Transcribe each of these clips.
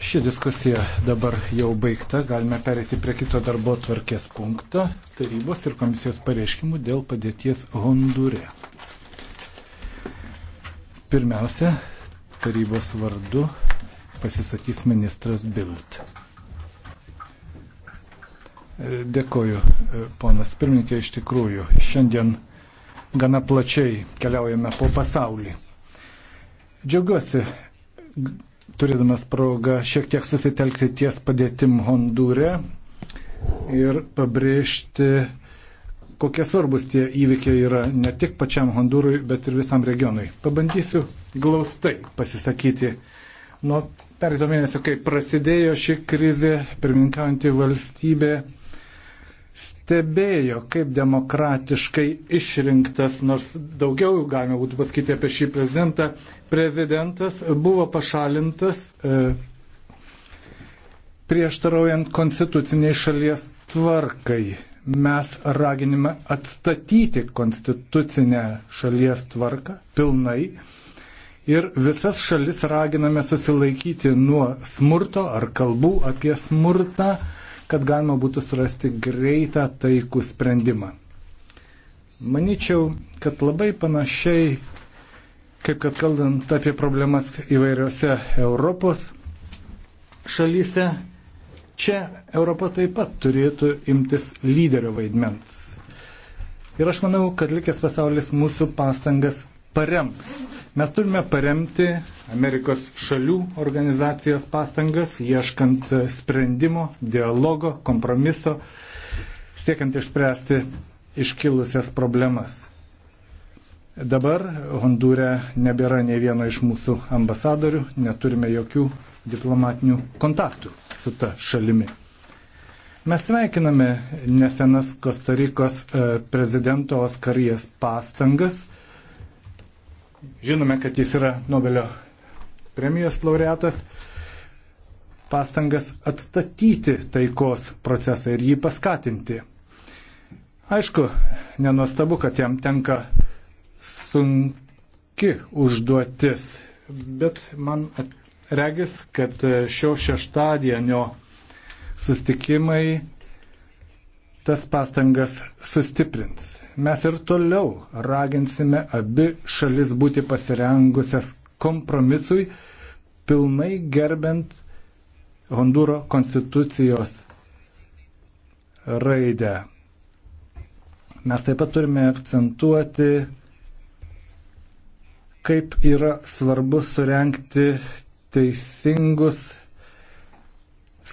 Ši diskusija dabar jau baigta. Galime perėti prie kito darbo tvarkės punkto - tarybos ir komisijos pareiškimų dėl padėties Hondūre. Pirmiausia, tarybos vardu pasisakys ministras Bild. Dėkoju, ponas pirmininkė, iš tikrųjų, šiandien gana plačiai keliaujame po pasaulį. Džiaugiuosi turėdamas progą šiek tiek susitelkti ties padėtim Hondūre ir pabrėžti, kokie svarbus tie įvykiai yra ne tik pačiam Hondūrui, bet ir visam regionui. Pabandysiu glaustai pasisakyti. Nuo perito mėnesio, kai prasidėjo ši krizė, pirmininkaujantį valstybę stebėjo, kaip demokratiškai išrinktas, nors daugiau galima būtų pasakyti apie šį prezidentą, prezidentas buvo pašalintas e, prieštaraujant konstituciniai šalies tvarkai. Mes raginime atstatyti konstitucinę šalies tvarką pilnai ir visas šalis raginame susilaikyti nuo smurto ar kalbų apie smurtą kad galima būtų surasti greitą taikų sprendimą. Maničiau, kad labai panašiai, kaip kad kalbant apie problemas įvairiose Europos šalyse, čia Europa taip pat turėtų imtis lyderio vaidmens. Ir aš manau, kad likęs pasaulis mūsų pastangas parems. Mes turime paremti Amerikos šalių organizacijos pastangas, ieškant sprendimo, dialogo, kompromiso, siekiant išspręsti iškilusias problemas. Dabar Hondūre nebėra nei vieno iš mūsų ambasadorių, neturime jokių diplomatinių kontaktų su ta šalimi. Mes sveikiname nesenas Kostarikos e, prezidento Oskarijas pastangas Žinome, kad jis yra Nobelio premijos laureatas pastangas atstatyti taikos procesą ir jį paskatinti. Aišku, nenuostabu, kad jam tenka sunki užduotis, bet man regis, kad šio šeštadienio sustikimai tas pastangas sustiprins. Mes ir toliau raginsime abi šalis būti pasirengusias kompromisui, pilnai gerbent Hondūro konstitucijos raidę. Mes taip pat turime akcentuoti, kaip yra svarbu surenkti teisingus,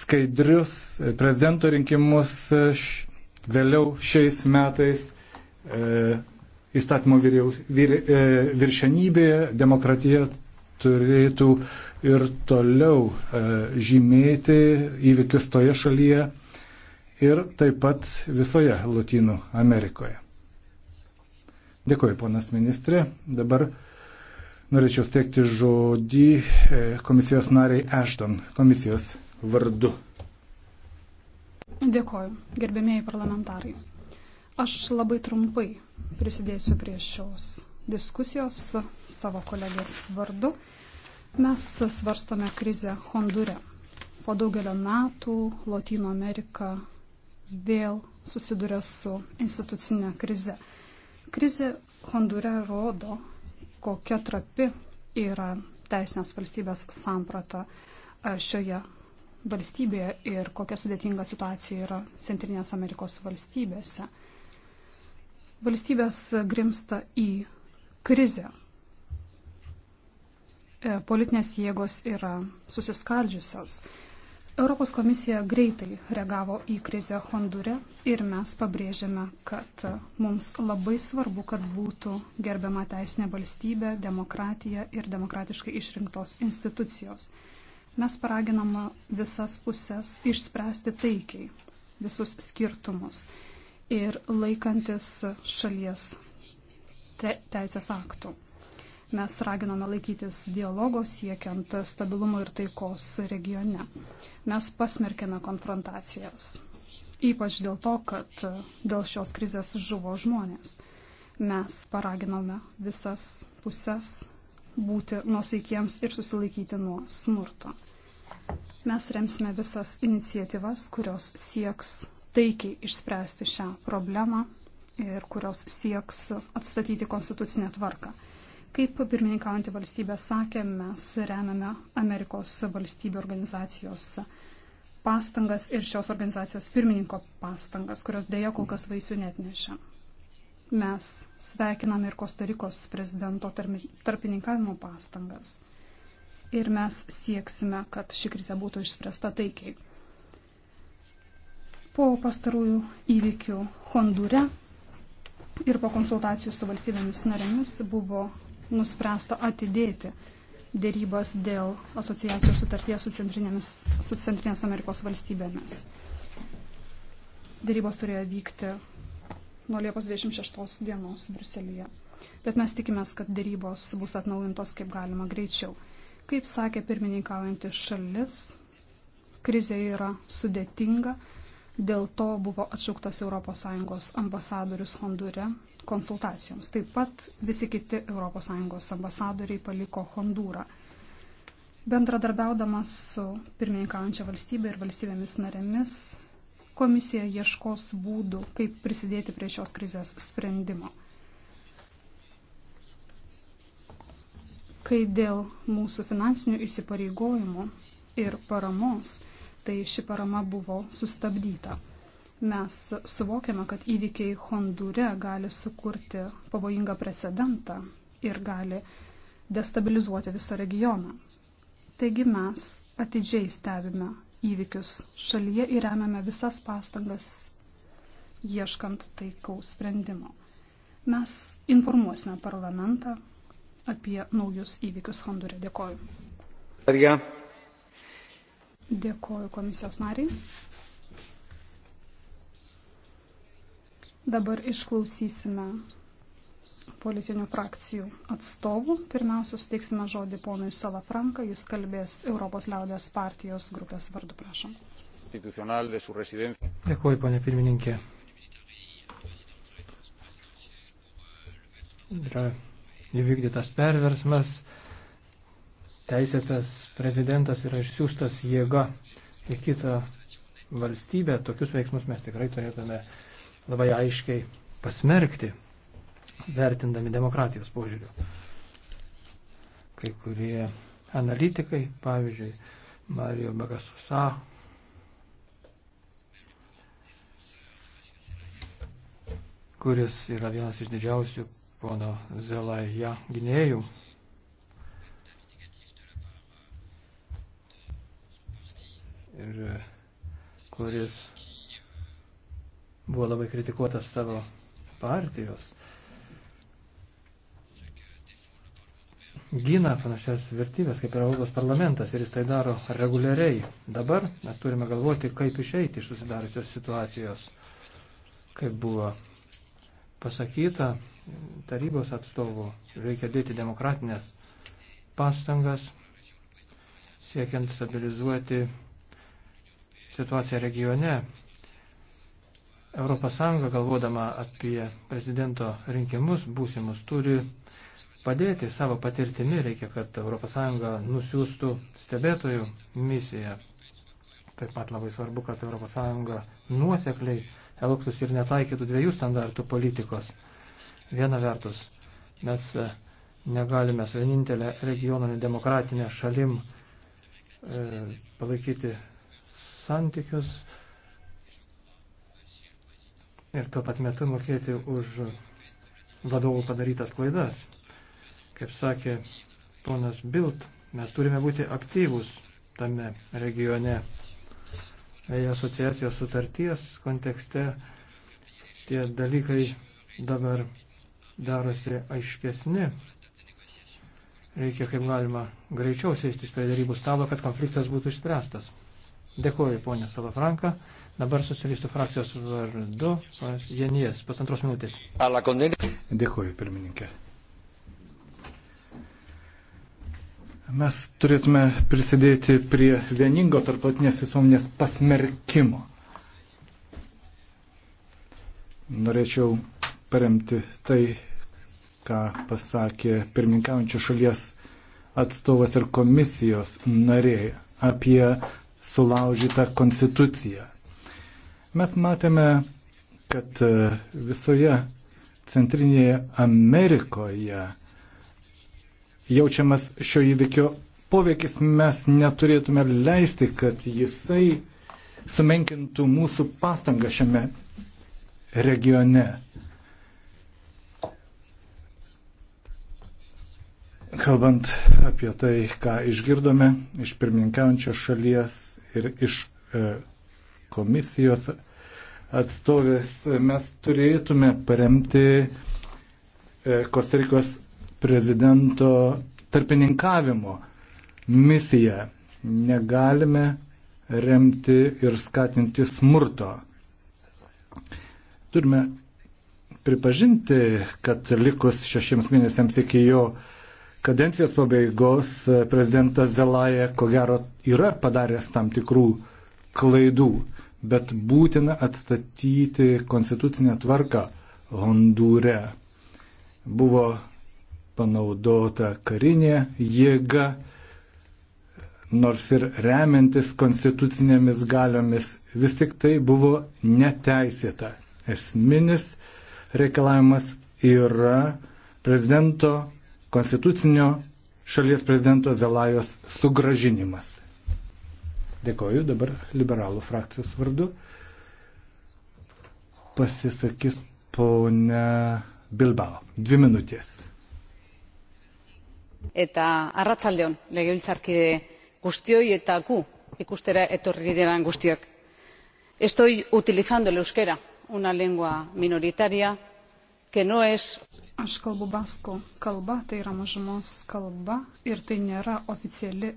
skaidrius prezidento rinkimus Vėliau šiais metais e, įstatymo vyriau, vir, e, viršenybė demokratija turėtų ir toliau e, žymėti įvykius toje šalyje ir taip pat visoje Latinų Amerikoje. Dėkuoju, ponas ministrė. Dabar norėčiau steigti žodį e, komisijos nariai Ashton, komisijos vardu. Dėkoju, gerbėmėjai parlamentarai. Aš labai trumpai prisidėsiu prie šios diskusijos savo kolegės vardu. Mes svarstome krizę Hondure. Po daugelio metų Latino Amerika vėl susiduria su institucinė krize. Krizė Hondure rodo, kokia trapi yra teisinės valstybės samprata šioje valstybėje ir kokia sudėtinga situacija yra Centrinės Amerikos valstybėse. Valstybės grimsta į krizę. E, politinės jėgos yra susiskaldžiusios. Europos komisija greitai reagavo į krizę Hondūre ir mes pabrėžėme, kad mums labai svarbu, kad būtų gerbiama teisinė valstybė, demokratija ir demokratiškai išrinktos institucijos. Mes paraginama visas pusės išspręsti taikiai visus skirtumus ir laikantis šalies te teisės aktų. Mes raginome laikytis dialogo siekiant stabilumo ir taikos regione. Mes pasmerkėme konfrontacijas, ypač dėl to, kad dėl šios krizės žuvo žmonės. Mes paraginome visas pusės būti nusaikiems ir susilaikyti nuo smurto. Mes remsime visas iniciatyvas, kurios sieks taikiai išspręsti šią problemą ir kurios sieks atstatyti konstitucinę tvarką. Kaip pirmininkaujantį valstybę sakė, mes remiame Amerikos valstybių organizacijos pastangas ir šios organizacijos pirmininko pastangas, kurios dėja kol kas vaisių net nešia. Mes sveikiname ir Kostarikos prezidento tarpininkavimo pastangas. Ir mes sieksime, kad ši krizė būtų išspręsta taikiai. Po pastarųjų įvykių Hondūre ir po konsultacijų su valstybėmis narėmis buvo nuspręsta atidėti dėrybas dėl asociacijos sutarties su, su Centrinės Amerikos valstybėmis. Dėrybos turėjo vykti nuo Liepos 26 dienos Bruselėje. Bet mes tikimės, kad dėrybos bus atnaujintos kaip galima greičiau. Kaip sakė pirmininkaujanti šalis, krizė yra sudėtinga, dėl to buvo atšauktas ES ambasadorius Hondūre konsultacijoms. Taip pat visi kiti ES ambasadoriai paliko Hondūrą. Bendradarbiaudamas su pirmininkaujančia valstybė ir valstybėmis narėmis, Komisija ieškos būdų, kaip prisidėti prie šios krizės sprendimo. Kai dėl mūsų finansinių įsipareigojimų ir paramos, tai ši parama buvo sustabdyta. Mes suvokiame, kad įvykiai Hondūre gali sukurti pavojingą precedentą ir gali destabilizuoti visą regioną. Taigi mes atidžiai stebime įvykius šalyje ir remiame visas pastangas ieškant taikaus sprendimo. Mes informuosime parlamentą apie naujus įvykius Hondūre. Dėkoju. Arja. Dėkoju komisijos nariai. Dabar išklausysime politinių frakcijų atstovų. Pirmiausia, suteiksime žodį ponui Salafranka, jis kalbės Europos liaudės partijos grupės vardu, prašom. Dėkuoju, ponė pirmininkė. Yra įvykdytas perversmas, teisėtas prezidentas yra išsiųstas jėga į kitą valstybę. Tokius veiksmus mes tikrai turėtume labai aiškiai pasmerkti vertindami demokratijos požiūriu. Kai kurie analitikai, pavyzdžiui, Mario Bagasusa, kuris yra vienas iš didžiausių pono Zelaja gynėjų, ir e, kuris buvo labai kritikuotas savo partijos. gina panašias vertybės kaip ir Europos parlamentas ir jis tai daro reguliariai. Dabar mes turime galvoti, kaip išeiti iš susidariusios situacijos, kaip buvo pasakyta tarybos atstovų, reikia dėti demokratinės pastangas, siekiant stabilizuoti situaciją regione. ES, galvodama apie prezidento rinkimus būsimus, turi padėti savo patirtimi, reikia, kad ES nusiųstų stebėtojų misiją. Taip pat labai svarbu, kad ES nuosekliai elgtųsi ir netaikytų dviejų standartų politikos. Viena vertus, mes e, negalime su vienintelė regioninė demokratinė šalim e, palaikyti santykius ir tuo pat metu mokėti už vadovų padarytas klaidas. Kaip sakė ponas Bilt, mes turime būti aktyvus tame regione. Asociacijos sutarties kontekste tie dalykai dabar darosi aiškesni. Reikia kaip galima greičiau sėstis prie darybų stalo, kad konfliktas būtų išspręstas. Dėkuoju, ponė Salafranka. Dabar socialistų frakcijos vardu, Janijas, pasantros minutės. Dėkuoju, pirmininkė. Mes turėtume prisidėti prie vieningo tarptautinės visuomenės pasmerkimo. Norėčiau paremti tai, ką pasakė pirmininkaujančio šalies atstovas ir komisijos nariai apie sulaužytą konstituciją. Mes matėme, kad visoje Centrinėje Amerikoje jaučiamas šio įvykio poveikis, mes neturėtume leisti, kad jisai sumenkintų mūsų pastangą šiame regione. Kalbant apie tai, ką išgirdome iš pirmininkaujančios šalies ir iš e, komisijos atstovės, mes turėtume paremti e, Kostarikos prezidento tarpininkavimo misiją. Negalime remti ir skatinti smurto. Turime pripažinti, kad likus šešiems mėnesiams iki jo kadencijos pabaigos prezidentas Zelaja ko gero yra padaręs tam tikrų klaidų, bet būtina atstatyti konstitucinę tvarką Hondūre. Buvo panaudota karinė jėga, nors ir remiantis konstitucinėmis galiomis, vis tik tai buvo neteisėta. Esminis reikalavimas yra prezidento, konstitucinio šalies prezidento Zelajos sugražinimas. Dėkoju dabar liberalų frakcijos vardu. Pasisakys ponia Bilbao. Dvi minutės eta arratsalde on legebiltzarkide guztioi eta gu ikustera etorri diren guztioi. estoy utilizando el euskera una lengua minoritaria que no es Aš kalbu baskų kalba, tai yra mažumos kalba ir tai nėra oficiali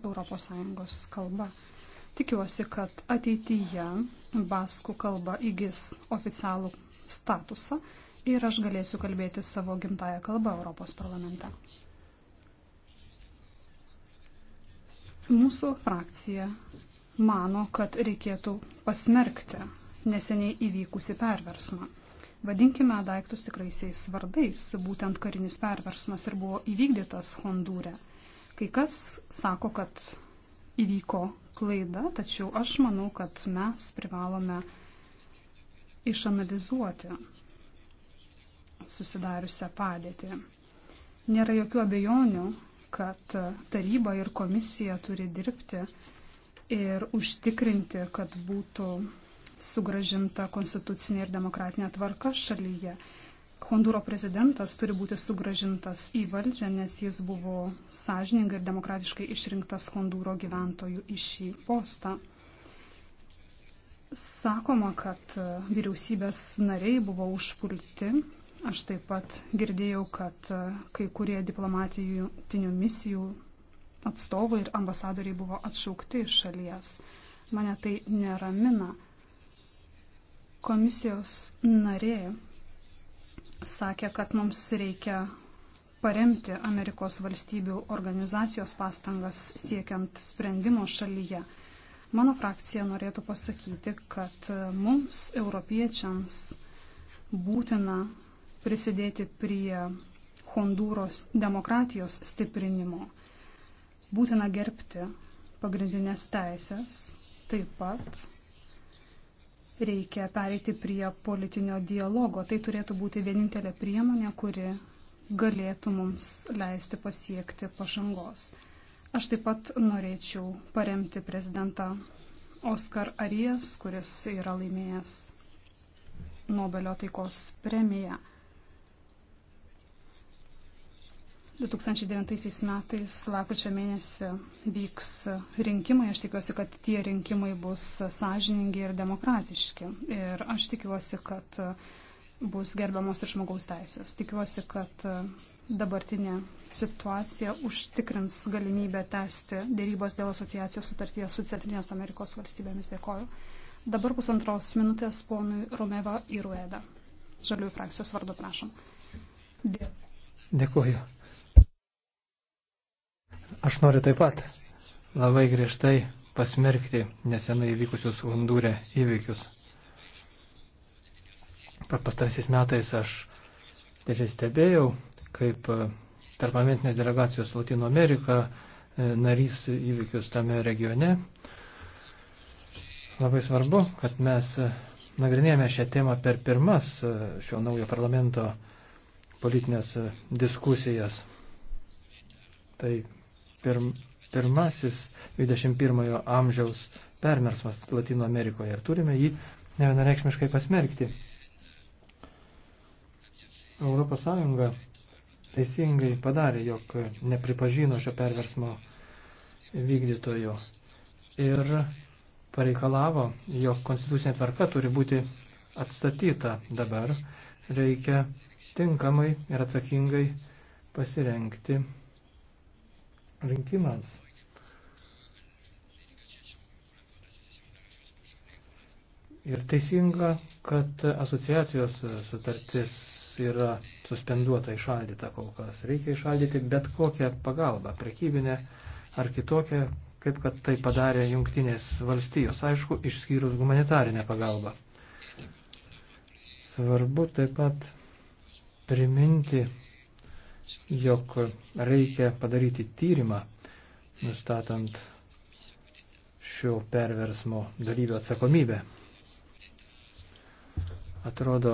ES kalba. Tikiuosi, kad ateityje baskų kalba įgis oficialų statusą ir aš galėsiu kalbėti savo gimtają kalbą Europos parlamente. Mūsų frakcija mano, kad reikėtų pasmerkti neseniai įvykusi perversmą. Vadinkime daiktus tikraisiais vardais, būtent karinis perversmas ir buvo įvykdytas Hondūre. Kai kas sako, kad įvyko klaida, tačiau aš manau, kad mes privalome išanalizuoti susidariusią padėtį. Nėra jokių abejonių, kad taryba ir komisija turi dirbti ir užtikrinti, kad būtų sugražinta konstitucinė ir demokratinė tvarka šalyje. Honduro prezidentas turi būti sugražintas į valdžią, nes jis buvo sąžiningai ir demokratiškai išrinktas Honduro gyventojų į šį postą. Sakoma, kad vyriausybės nariai buvo užpulti Aš taip pat girdėjau, kad e, kai kurie diplomatinių misijų atstovai ir ambasadoriai buvo atšaukti iš šalies. Mane tai neramina. Komisijos narė sakė, kad mums reikia paremti Amerikos valstybių organizacijos pastangas siekiant sprendimo šalyje. Mano frakcija norėtų pasakyti, kad e, mums, europiečiams, būtina prisidėti prie Hondūros demokratijos stiprinimo. Būtina gerbti pagrindinės teisės, taip pat reikia pereiti prie politinio dialogo. Tai turėtų būti vienintelė priemonė, kuri galėtų mums leisti pasiekti pažangos. Aš taip pat norėčiau paremti prezidentą Oskar Arijas, kuris yra laimėjęs Nobelio taikos premiją. 2009 metais lakučio mėnesį vyks rinkimai. Aš tikiuosi, kad tie rinkimai bus sąžiningi ir demokratiški. Ir aš tikiuosi, kad bus gerbiamos ir žmogaus teisės. Tikiuosi, kad dabartinė situacija užtikrins galimybę tęsti dėrybos dėl asociacijos sutarties su Centrinės Amerikos valstybėmis. Dėkoju. Dabar pusantros minutės ponui Romeva Irueda. Žaliųjų frakcijos vardu prašom. Dėkoju. Aš noriu taip pat labai griežtai pasmerkti nesenai įvykusius Hondūre įvykius. Pastarysiais metais aš tiesiog stebėjau, kaip e, tarpamentinės delegacijos Latino Amerika e, narys įvykius tame regione. Labai svarbu, kad mes e, nagrinėjame šią temą per pirmas šio naujo parlamento politinės diskusijas. Tai pirm, pirmasis 21 amžiaus permersmas Latino Amerikoje ir turime jį nevienareikšmiškai pasmerkti. Europos Sąjunga teisingai padarė, jog nepripažino šio perversmo vykdytojų ir pareikalavo, jog konstitucinė tvarka turi būti atstatyta dabar, reikia tinkamai ir atsakingai pasirenkti rinkimams. Ir teisinga, kad asociacijos sutartis yra suspenduota, išaldyta kol kas. Reikia išaldyti bet kokią pagalbą, prekybinę ar kitokią, kaip kad tai padarė jungtinės valstijos, aišku, išskyrus humanitarinę pagalbą. Svarbu taip pat priminti jog reikia padaryti tyrimą, nustatant šio perversmo dalyvio atsakomybę. Atrodo,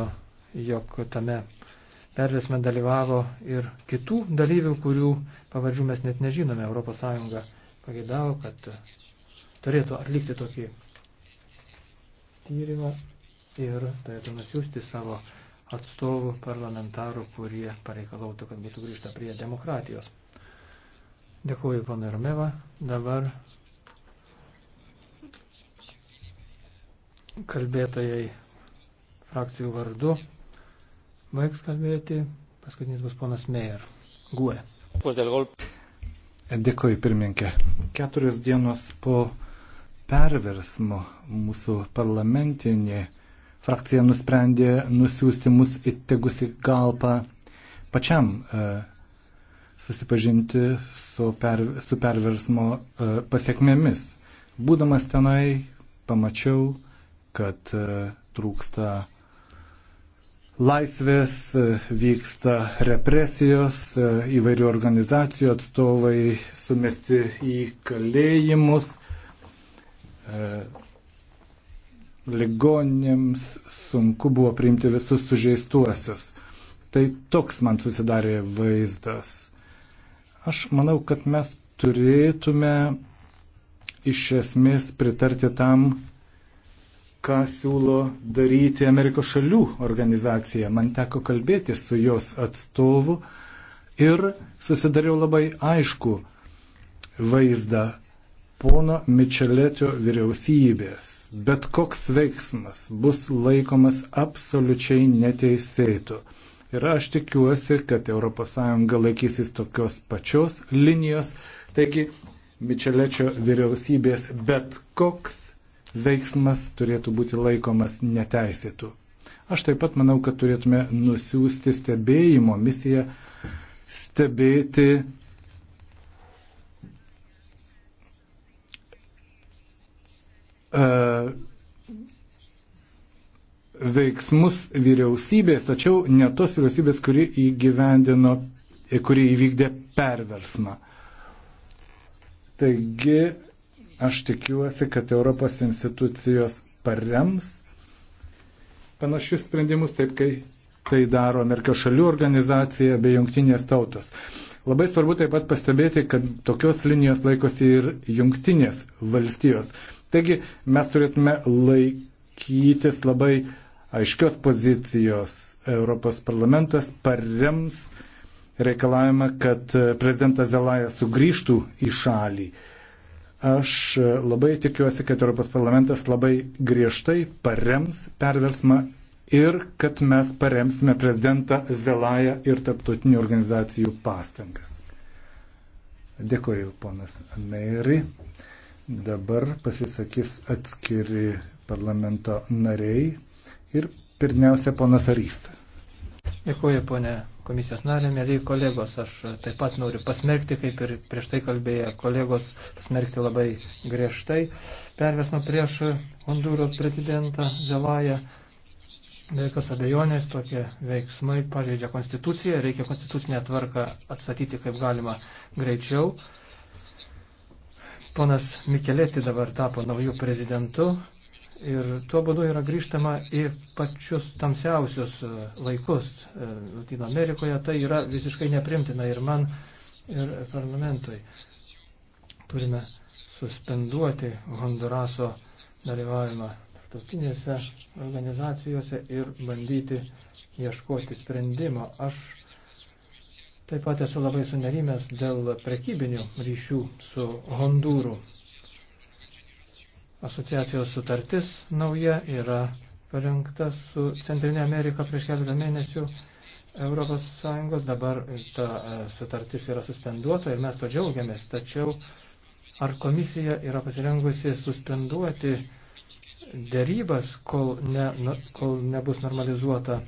jog tame perversme dalyvavo ir kitų dalyvių, kurių pavardžių mes net nežinome. ES pagėdavo, kad turėtų atlikti tokį tyrimą ir turėtų nusiųsti savo atstovų parlamentarų, kurie pareikalautų, kad būtų grįžta prie demokratijos. Dėkuoju, pana Romeva. Dabar kalbėtojai frakcijų vardu baigs kalbėti. Paskutinis bus ponas Meijer. Guė. Dėkuoju, pirmininkė. Keturios dienos po perversmo mūsų parlamentinė frakcija nusprendė nusiųsti mus į tegusi galpą pačiam e, susipažinti su, per, su perversmo e, pasiekmėmis. Būdamas tenai, pamačiau, kad e, trūksta laisvės, vyksta represijos, įvairių organizacijų atstovai sumesti į kalėjimus, ligonėms sunku buvo priimti visus sužeistuosius. Tai toks man susidarė vaizdas. Aš manau, kad mes turėtume iš esmės pritarti tam, ką siūlo daryti Amerikos šalių organizacija. Man teko kalbėti su jos atstovu ir susidariau labai aišku vaizdą pono Mičeletio vyriausybės bet koks veiksmas bus laikomas absoliučiai neteisėtu. Ir aš tikiuosi, kad ES laikysis tokios pačios linijos. Taigi, Mičelečio vyriausybės bet koks veiksmas turėtų būti laikomas neteisėtu. Aš taip pat manau, kad turėtume nusiųsti stebėjimo misiją, stebėti E, veiksmus vyriausybės, tačiau ne tos vyriausybės, kuri įgyvendino, e, kuri įvykdė perversmą. Taigi aš tikiuosi, kad Europos institucijos parems panašius sprendimus, taip kai tai daro Amerikio šalių organizacija bei jungtinės tautos. Labai svarbu taip pat pastebėti, kad tokios linijos laikosi ir jungtinės valstijos. Taigi mes turėtume laikytis labai aiškios pozicijos. Europos parlamentas parems reikalavimą, kad prezidentas Zelaja sugrįžtų į šalį. Aš labai tikiuosi, kad Europos parlamentas labai griežtai parems perversmą ir kad mes paremsime prezidentą Zelają ir taptautinių organizacijų pastangas. Dėkuoju, ponas Meiri. Dabar pasisakys atskiri parlamento nariai ir pirmiausia ponas Arif. Dėkuoju, ponė komisijos narė, mėly kolegos. Aš taip pat noriu pasmerkti, kaip ir prieš tai kalbėjo kolegos, pasmerkti labai griežtai pervesmą prieš Hondūro prezidentą Zelają. Be jokios abejonės tokie veiksmai pažeidžia konstituciją, reikia konstitucinę tvarką atstatyti kaip galima greičiau. Ponas Mikelėti dabar tapo naujų prezidentu ir tuo būdu yra grįžtama į pačius tamsiausius e, laikus e, Latino Amerikoje. Tai yra visiškai neprimtina ir man, ir parlamentui. Turime suspenduoti Honduraso dalyvavimą tarptautinėse organizacijose ir bandyti ieškoti sprendimo. Aš Taip pat esu labai sunerimęs dėl prekybinių ryšių su Hondūru. Asociacijos sutartis nauja yra parengta su Centrinė Amerika prieš keletą mėnesių. ES dabar ta e, sutartis yra suspenduota ir mes to džiaugiamės. Tačiau ar komisija yra pasirengusi suspenduoti dėrybas, kol, ne, kol nebus normalizuota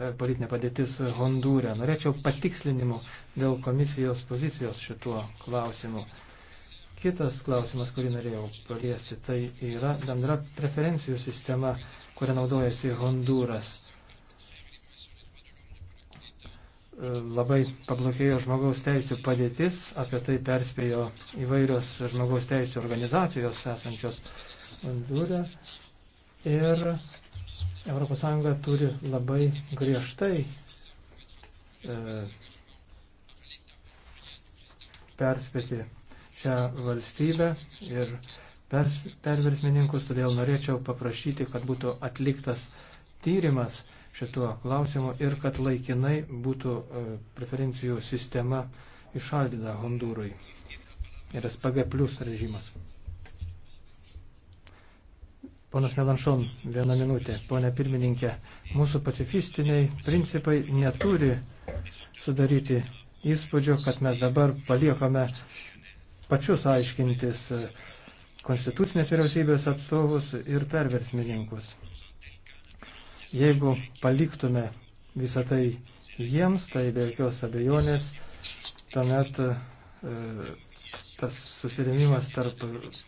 E, politinė padėtis Hondūre. Norėčiau patikslinimų dėl komisijos pozicijos šituo klausimu. Kitas klausimas, kurį norėjau paliesti, tai yra bendra preferencijų sistema, kurią naudojasi Hondūras. E, labai pablokėjo žmogaus teisų padėtis, apie tai perspėjo įvairios žmogaus teisų organizacijos esančios Hondūre. Ir ES turi labai griežtai e, perspėti šią valstybę ir pers, perversmininkus, todėl norėčiau paprašyti, kad būtų atliktas tyrimas šituo klausimu ir kad laikinai būtų e, preferencijų sistema išaldyta Hondūrui ir SPG plus režimas. Ponas Melanšon, vieną minutę. Pone pirmininkė, mūsų pacifistiniai principai neturi sudaryti įspūdžio, kad mes dabar paliekame pačius aiškintis konstitucinės vyriausybės atstovus ir perversmininkus. Jeigu paliktume visą tai jiems, tai be jokios abejonės, tuomet e, tas susirėmimas tarp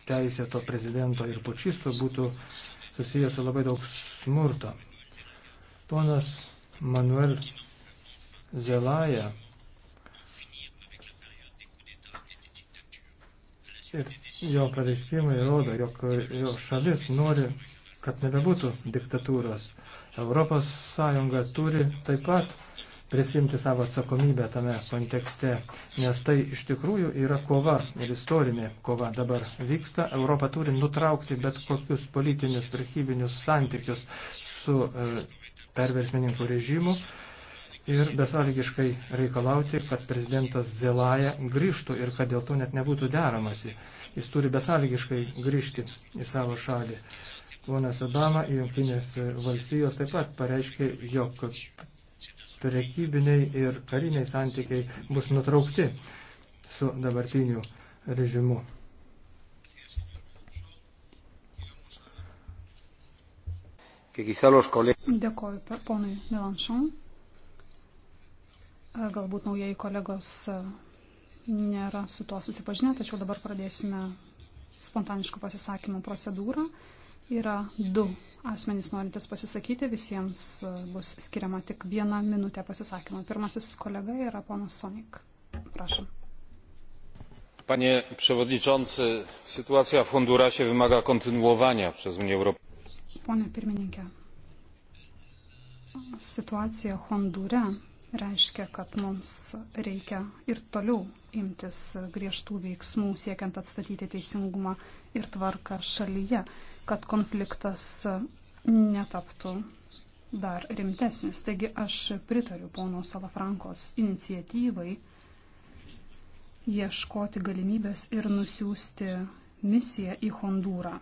teisėto prezidento ir pučisto būtų susijęs su labai daug smurto. Ponas Manuel Zelaja ir jo pareiškimai rodo, jog jo šalis nori, kad nebebūtų diktatūros. Europos Sąjunga turi taip pat prisimti savo atsakomybę tame kontekste, nes tai iš tikrųjų yra kova ir istorinė kova dabar vyksta. Europa turi nutraukti bet kokius politinius, prekybinius santykius su e, perversmininkų režimu ir besąlygiškai reikalauti, kad prezidentas Zelaja grįžtų ir kad dėl to net nebūtų deramasi. Jis turi besąlygiškai grįžti į savo šalį. Ponas Obama į Junktinės valstijos taip pat pareiškė, jog prekybiniai ir kariniai santykiai bus nutraukti su dabartiniu režimu. Dėkoju ponui Milanšon. Galbūt naujieji kolegos nėra su tuo susipažinę, tačiau dabar pradėsime spontaniškų pasisakymų procedūrą. Yra du asmenys norintis pasisakyti, visiems e, bus skiriama tik viena minutė pasisakymą. Pirmasis kolega yra ponas Sonik. Prašom. Panie przewodniczący, sytuacja w Hondurasie wymaga kontynuowania przez Unię Europejską. Pone pirmininkė, situacija Hondūre reiškia, kad mums reikia ir toliau imtis griežtų veiksmų siekiant atstatyti teisingumą ir tvarką šalyje kad konfliktas netaptų dar rimtesnis. Taigi aš pritariu pono Salafrankos iniciatyvai ieškoti galimybės ir nusiųsti misiją į Hondūrą,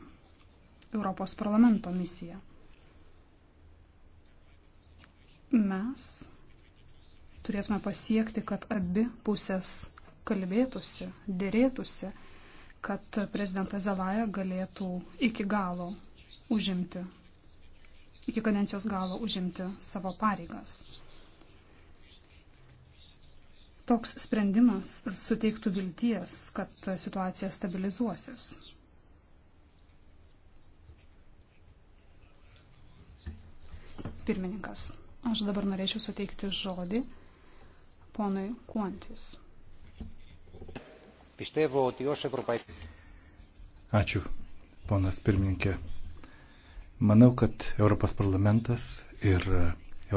Europos parlamento misiją. Mes turėtume pasiekti, kad abi pusės kalbėtųsi, dėrėtųsi kad prezidentas Zelaja galėtų iki galo užimti, iki kadencijos galo užimti savo pareigas. Toks sprendimas suteiktų vilties, kad situacija stabilizuosis. Pirmininkas, aš dabar norėčiau suteikti žodį ponui Kuantis. Πιστεύω ότι ως Ευρωπαϊκή... Ačiū, ponas pirmininkė. Manau, kad Europos parlamentas ir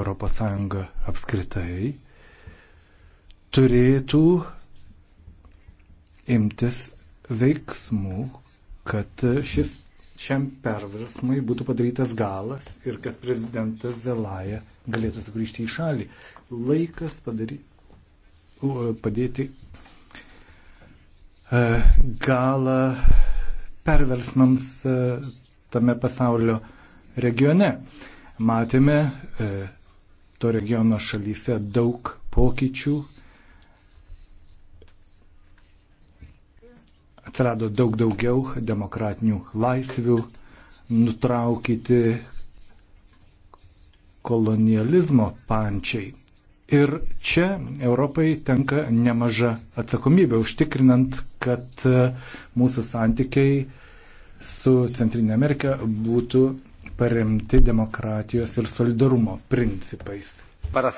ES apskritai turėtų imtis veiksmų, kad šis šiam perversmai būtų padarytas galas ir kad prezidentas Zelaja galėtų sugrįžti į šalį. Laikas padary, padėti E, galą perversmams e, tame pasaulio regione. Matėme e, to regiono šalyse daug pokyčių, atsirado daug daugiau demokratinių laisvių, nutraukyti kolonializmo pančiai. Ir čia Europai tenka nemaža atsakomybė užtikrinant, kad e, mūsų santykiai su Centrinė Amerika būtų paremti demokratijos ir solidarumo principais.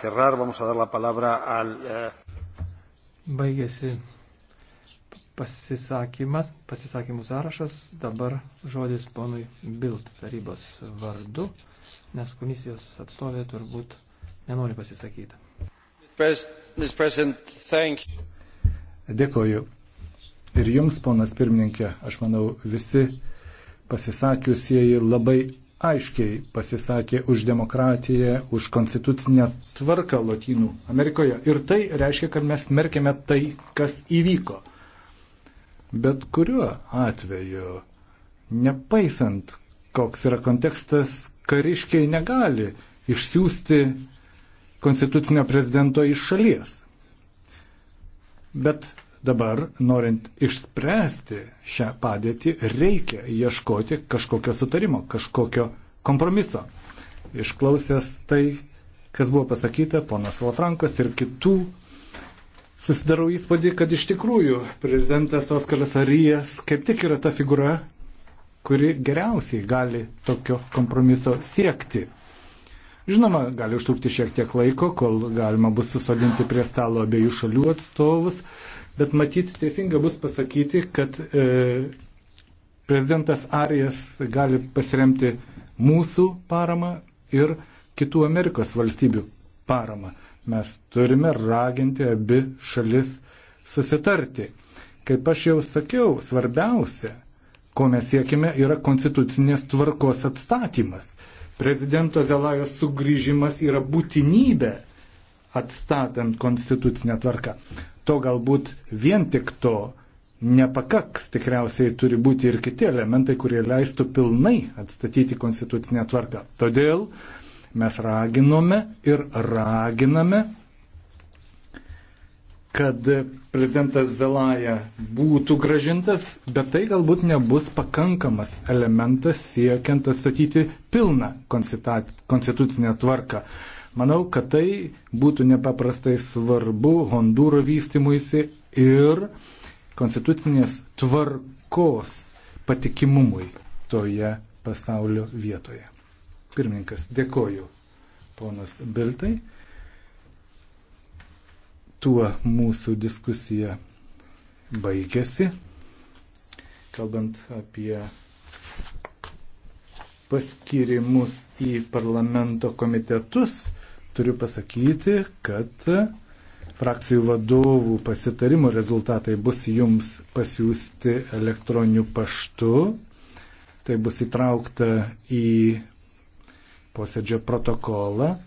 Cerrar, al... Eh, Baigėsi pasisakymas, pasisakymų sąrašas, dabar žodis ponui Bild tarybos vardu, nes komisijos atstovė turbūt nenori pasisakyti. Dėkoju ir jums, ponas pirmininkė, aš manau, visi pasisakiusieji labai aiškiai pasisakė už demokratiją, už konstitucinę tvarką Lotynų Amerikoje. Ir tai reiškia, kad mes smerkėme tai, kas įvyko. Bet kuriuo atveju, nepaisant, koks yra kontekstas, kariškiai negali išsiųsti konstitucinio prezidento iš šalies. Bet Dabar, norint išspręsti šią padėtį, reikia ieškoti kažkokio sutarimo, kažkokio kompromiso. Išklausęs tai, kas buvo pasakyta, ponas Lafrankas ir kitų, susidarau įspūdį, kad iš tikrųjų prezidentas Oskaras Arijas kaip tik yra ta figūra, kuri geriausiai gali tokio kompromiso siekti. Žinoma, gali užtrukti šiek tiek laiko, kol galima bus susodinti prie stalo abiejų šalių atstovus Bet matyt, teisinga bus pasakyti, kad e, prezidentas Arijas gali pasiremti mūsų paramą ir kitų Amerikos valstybių paramą. Mes turime raginti abi šalis susitarti. Kaip aš jau sakiau, svarbiausia, ko mes siekime, yra konstitucinės tvarkos atstatymas. Prezidento Zelajos sugrįžimas yra būtinybė atstatant konstitucinę tvarką to galbūt vien tik to nepakaks, tikriausiai turi būti ir kiti elementai, kurie leistų pilnai atstatyti konstitucinę tvarką. Todėl mes raginome ir raginame, kad prezidentas Zelaja būtų gražintas, bet tai galbūt nebus pakankamas elementas siekiant atstatyti pilną konstitucinę tvarką. Manau, kad tai būtų nepaprastai svarbu Hondūro vystimuisi ir konstitucinės tvarkos patikimumui toje pasaulio vietoje. Pirmininkas, dėkoju, ponas Biltai. Tuo mūsų diskusija baigėsi, kalbant apie paskirimus į parlamento komitetus turiu pasakyti, kad frakcijų vadovų pasitarimo rezultatai bus jums pasiūsti elektroniniu paštu. Tai bus įtraukta į posėdžio protokolą.